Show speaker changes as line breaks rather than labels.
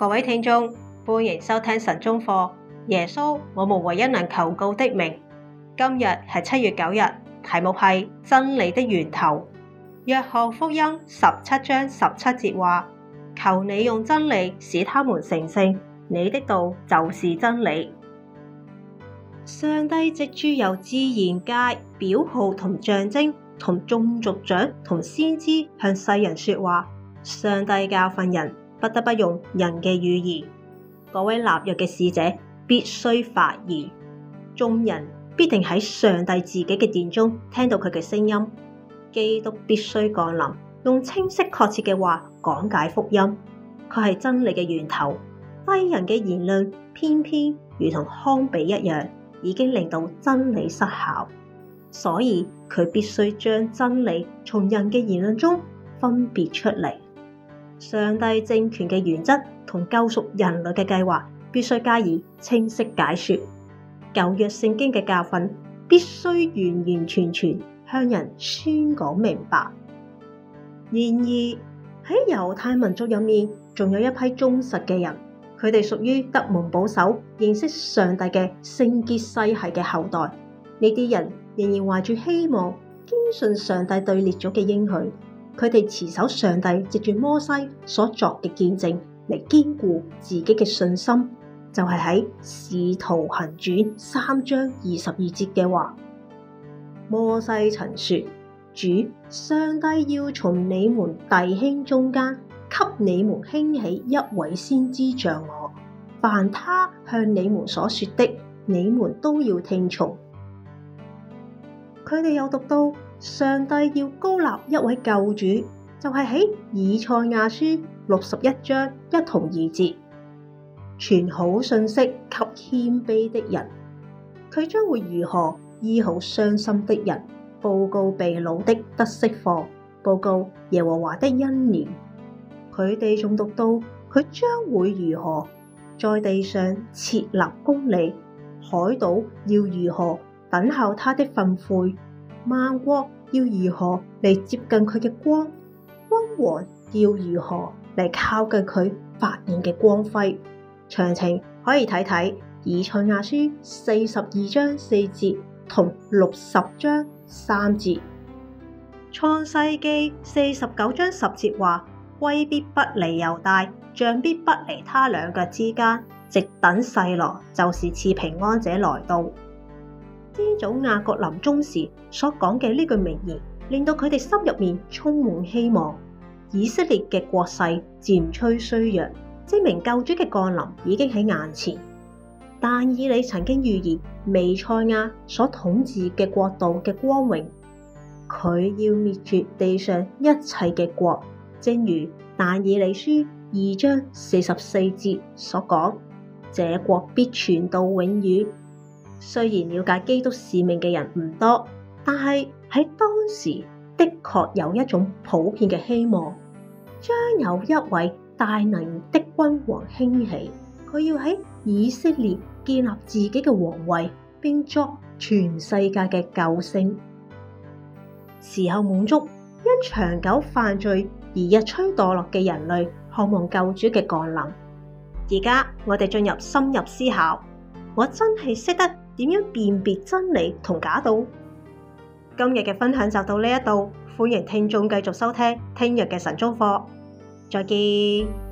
各位聽眾，歡迎收聽晨鐘課。耶穌，我們唯一能求告的名。今日係七月九日，題目係真理的源頭。約翰福音十七章十七節話：求你用真理使他們成聖。你的道就是真理。上帝藉著由自然界、表號同象徵、同眾族長、同先知向世人說話，上帝教訓人。不得不用人嘅語言，嗰位立約嘅使者必須發言，眾人必定喺上帝自己嘅殿中聽到佢嘅聲音。基督必須降臨，用清晰確切嘅話講解福音。佢係真理嘅源頭，世人嘅言論偏偏如同糠秕一樣，已經令到真理失效。所以佢必須將真理從人嘅言論中分別出嚟。上帝政權嘅原則同救贖人類嘅計劃，必須加以清晰解說；舊約聖經嘅教訓，必須完完全全向人宣講明白。然而喺猶太民族入面，仲有一批忠實嘅人，佢哋屬於德蒙保守、認識上帝嘅聖潔世系嘅後代。呢啲人仍然懷住希望，堅信上帝對列祖嘅應許。佢哋持守上帝藉住摩西所作嘅見證嚟堅固自己嘅信心，就係、是、喺使徒行傳三章二十二節嘅話。摩西曾說：主上帝要從你們弟兄中間給你們興起一位先知像我，凡他向你們所說的，你們都要聽從。佢哋又讀到。上帝要高立一位救主，就係、是、喺以賽亞書六十一章一同二節，傳好信息給謙卑的人，佢將會如何醫好傷心的人？報告被擄的得釋放，報告耶和華的恩年。佢哋仲讀到佢將會如何在地上設立公理？海島要如何等候他的訓悔訓誨。萬國要如何嚟接近佢嘅光？溫和要如何嚟靠近佢發現嘅光輝？詳情可以睇睇《以賽亞書》四十二章四節同六十章三節，《創世紀》四十九章十節話：龜必不離猶大，象必不離他兩腳之間，直等細羅就是次平安者來到。耶祖亞各臨終時所講嘅呢句名言，令到佢哋心入面充滿希望。以色列嘅國勢漸趨衰弱，證明救主嘅降臨已經喺眼前。但以理曾經預言，彌賽亞所統治嘅國度嘅光榮，佢要滅絕地上一切嘅國，正如但以理書二章四十四節所講：這國必存到永遠。雖然了解基督使命嘅人唔多，但係喺當時的確有一種普遍嘅希望，將有一位大能的君王興起，佢要喺以色列建立自己嘅王位，並作全世界嘅救星，時候滿足，因長久犯罪而日趨墮落嘅人類渴望救主嘅降臨。而家我哋進入深入思考，我真係識得，點樣辨別真理同假道？今日嘅分享就到呢一度，歡迎聽眾繼續收聽聽日嘅神中課，再見。